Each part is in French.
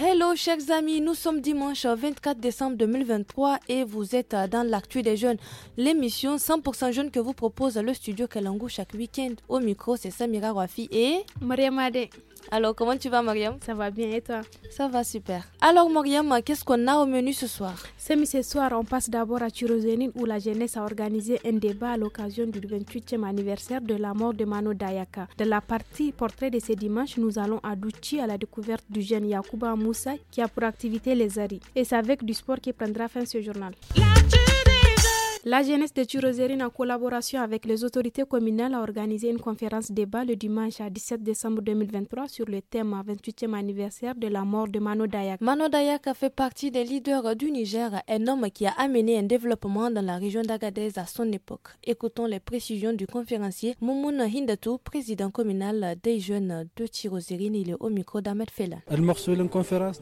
Hello chers amis, nous sommes dimanche 24 décembre 2023 et vous êtes dans l'actu des jeunes, l'émission 100% jeunes que vous propose le studio Kalangu chaque week-end. Au micro, c'est Samira Wafi et Mariamade. Alors, comment tu vas, Mariam Ça va bien et toi Ça va super. Alors, Mariam, qu'est-ce qu'on a au menu ce soir Semi, ce soir, on passe d'abord à Turozenine où la jeunesse a organisé un débat à l'occasion du 28e anniversaire de la mort de Mano Dayaka. De la partie portrait de ce dimanche, nous allons à Douchi à la découverte du jeune Yakuba Moussa qui a pour activité les Ari. Et c'est avec du sport qui prendra fin ce journal. La jeunesse de Turozérine, en collaboration avec les autorités communales, a organisé une conférence débat le dimanche à 17 décembre 2023 sur le thème 28e anniversaire de la mort de Mano Dayak. Mano Dayak a fait partie des leaders du Niger, un homme qui a amené un développement dans la région d'Agadez à son époque. Écoutons les précisions du conférencier Moumoun Hindatou, président communal des jeunes de Tirozérine. Il est au micro d'Ahmed Fela.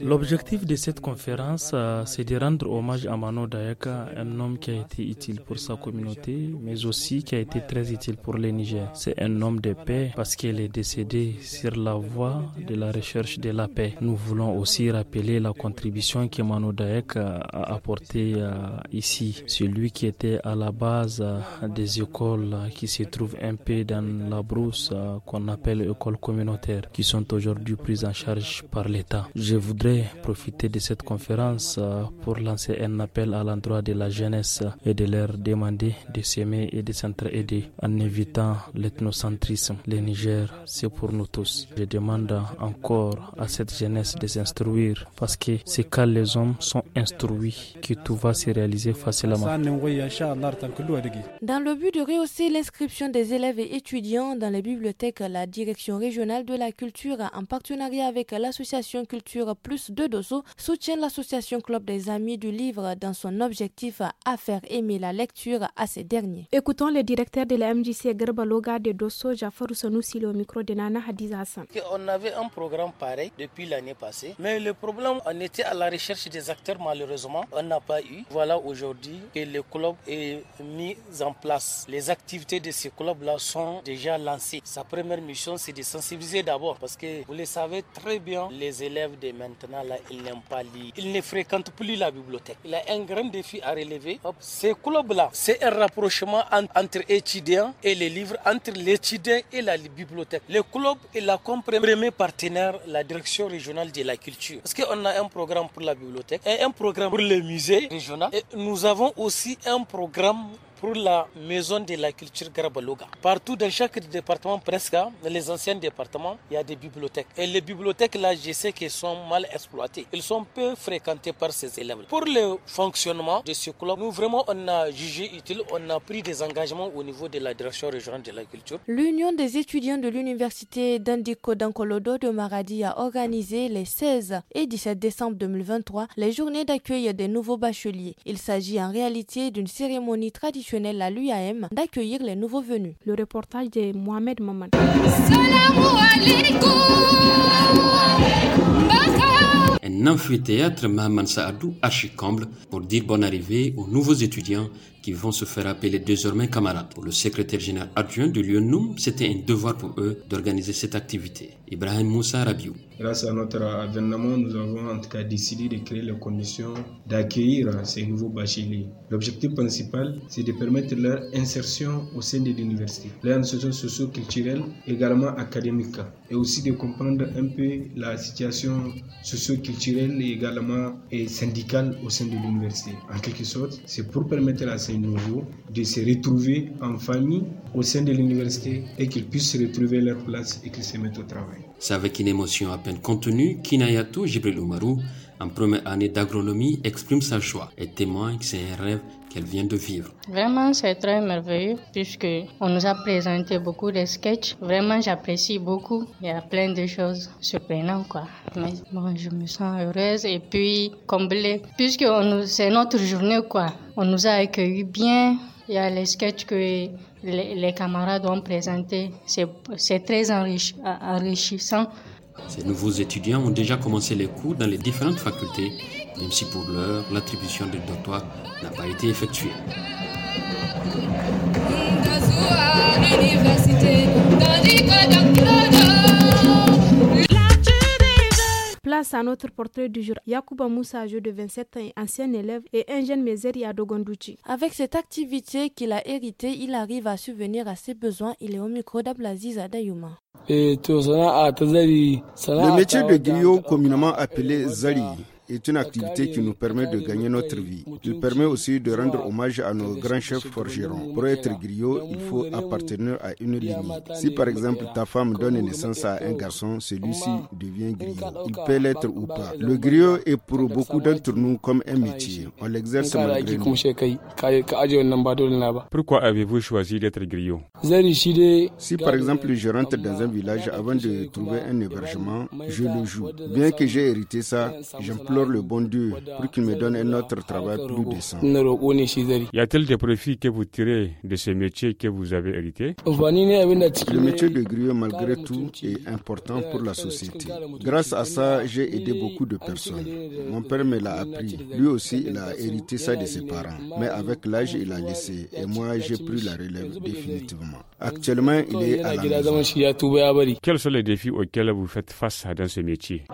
L'objectif de cette conférence, euh, c'est de rendre hommage à Mano Dayak, un homme qui a été utilisé pour sa communauté, mais aussi qui a été très utile pour le Niger. C'est un homme de paix parce qu'il est décédé sur la voie de la recherche de la paix. Nous voulons aussi rappeler la contribution que Daek a apportée euh, ici. Celui qui était à la base euh, des écoles qui se trouvent un peu dans la brousse euh, qu'on appelle écoles communautaires, qui sont aujourd'hui prises en charge par l'État. Je voudrais profiter de cette conférence pour lancer un appel à l'endroit de la jeunesse et de leur demander de s'aimer et de s'entraider en évitant l'ethnocentrisme. Le Niger, c'est pour nous tous. Je demande encore à cette jeunesse de s'instruire parce que c'est quand les hommes sont instruits que tout va se réaliser facilement. Dans le but de rehausser l'inscription des élèves et étudiants dans les bibliothèques, la Direction régionale de la culture, en partenariat avec l'association Culture Plus de Dosso, soutient l'association Club des Amis du Livre dans son objectif à faire aimer la lecture à ces derniers. Écoutons le directeur de la MJC Gerbaloga de Dosso, Jafar Sanoussi, le micro de Nana Hadiza Hassan. On avait un programme pareil depuis l'année passée, mais le problème, on était à la recherche des acteurs, malheureusement, on n'a pas eu. Voilà aujourd'hui que le club est mis en place. Les activités de ce club-là sont déjà lancées. Sa première mission, c'est de sensibiliser d'abord, parce que vous le savez très bien, les élèves de maintenant, là, ils n'aiment pas lire. Ils ne fréquentent plus la bibliothèque. Il a un grand défi à relever. Hop, ce c'est un rapprochement entre étudiants et les livres, entre l'étudiant et la bibliothèque. Le club est la premier partenaire, la direction régionale de la culture. Parce qu'on a un programme pour la bibliothèque, et un programme pour le musée régional. nous avons aussi un programme pour la maison de la culture Garbaloga. Partout dans chaque département, presque, dans les anciens départements, il y a des bibliothèques. Et les bibliothèques, là, je sais qu'elles sont mal exploitées. Elles sont peu fréquentées par ces élèves. Pour le fonctionnement de ce club, nous, vraiment, on a jugé utile, on a pris des engagements au niveau de la direction régionale de la culture. L'Union des étudiants de l'université d'Indico d'Ankolodo de Maradi a organisé les 16 et 17 décembre 2023 les journées d'accueil des nouveaux bacheliers. Il s'agit en réalité d'une cérémonie traditionnelle à l'UAM, d'accueillir les nouveaux venus. Le reportage de Mohamed Maman. Un amphithéâtre Mahaman Saadou comble pour dire bonne arrivée aux nouveaux étudiants qui vont se faire appeler désormais camarades. Pour le secrétaire général adjoint de l'UNUM, c'était un devoir pour eux d'organiser cette activité. Ibrahim Moussa Rabiou. Grâce à notre avènement, nous avons en tout cas décidé de créer les conditions d'accueillir ces nouveaux bacheliers. L'objectif principal, c'est de permettre leur insertion au sein de l'université, leur insertion socio-culturelle, également académique, et aussi de comprendre un peu la situation socio-culturelle et également et syndicale au sein de l'université. En quelque sorte, c'est pour permettre à ces de de se retrouver en famille au sein de l'université et qu'ils puissent retrouver leur place et qu'ils se mettent au travail. C'est avec une émotion à peine contenue qu'Inayato Gibril Oumarou en première année d'agronomie exprime sa joie et témoigne que c'est un rêve qu'elle vient de vivre. Vraiment, c'est très merveilleux puisque on nous a présenté beaucoup de sketchs. Vraiment, j'apprécie beaucoup. Il y a plein de choses surprenantes, quoi. Mais bon, je me sens heureuse et puis comblée puisque c'est notre journée, quoi. On nous a accueillis bien. Il y a les sketchs que les, camarades ont présentés. C'est très enrichissant ces nouveaux étudiants ont déjà commencé les cours dans les différentes facultés, même si pour l'heure, l'attribution des doctorats n'a pas été effectuée. Place à notre portrait du jour. Yakuba Moussa, jeune de 27 ans, ancien élève et un jeune à Avec cette activité qu'il a héritée, il arrive à subvenir à ses besoins. Il est au micro d'Ablaziz Dayuma. Eh, Le métier de griot communément appelé zali est une activité qui nous permet de gagner notre vie. Il permet aussi de rendre hommage à nos grands chefs forgerons. Pour être griot, il faut appartenir à une lignée. Si par exemple ta femme donne naissance à un garçon, celui-ci devient griot. Il peut l'être ou pas. Le griot est pour beaucoup d'entre nous comme un métier. On l'exerce malgré nous. Pourquoi avez-vous choisi d'être griot Si par exemple je rentre dans un village avant de trouver un hébergement, je le joue. Bien que j'ai hérité ça, j'emploie le bon Dieu pour qu'il me donne un autre travail plus décent. Y a-t-il des profits que vous tirez de ce métier que vous avez hérité Le métier de griot, malgré tout, est important pour la société. Grâce à ça, j'ai aidé beaucoup de personnes. Mon père me l'a appris. Lui aussi, il a hérité ça de ses parents. Mais avec l'âge, il a laissé. Et moi, j'ai pris la relève définitivement. Actuellement, il est à la Quels sont les défis auxquels vous faites face dans ce métier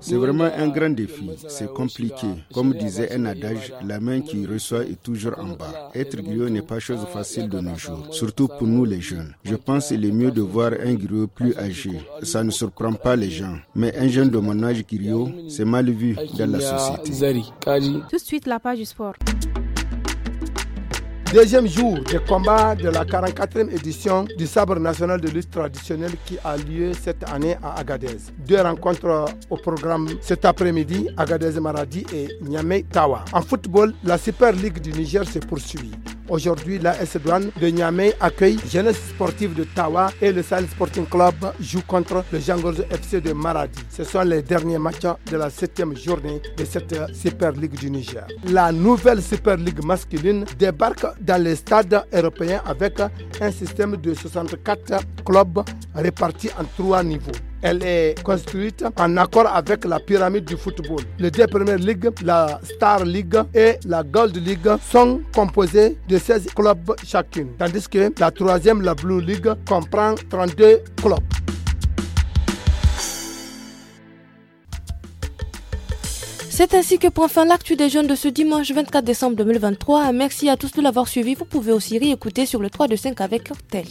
C'est vraiment un un grand défi, c'est compliqué. Comme disait un adage, la main qui reçoit est toujours en bas. Être griot n'est pas chose facile de nos jours, surtout pour nous les jeunes. Je pense qu'il est mieux de voir un griot plus âgé. Ça ne surprend pas les gens. Mais un jeune de mon âge griot, c'est mal vu dans la société. Tout de suite, la page du sport deuxième jour des combats de la 44e édition du Sabre national de lutte traditionnelle qui a lieu cette année à Agadez. Deux rencontres au programme cet après-midi, Agadez Maradi et Niamey Tawa. En football, la Super League du Niger se poursuit. Aujourd'hui, la s Douane de Niamey accueille Jeunesse Sportive de Tawa et le Sahel Sporting Club joue contre le Jangos FC de Maradi. Ce sont les derniers matchs de la septième journée de cette Super League du Niger. La nouvelle Super League masculine débarque dans les stades européens avec un système de 64 clubs répartis en trois niveaux elle est construite en accord avec la pyramide du football. Les deux premières ligues, la Star League et la Gold League, sont composées de 16 clubs chacune, tandis que la troisième, la Blue League, comprend 32 clubs. C'est ainsi que prend fin l'actu des jeunes de ce dimanche 24 décembre 2023. Merci à tous de l'avoir suivi. Vous pouvez aussi réécouter sur le 3 de 5 avec Hortel.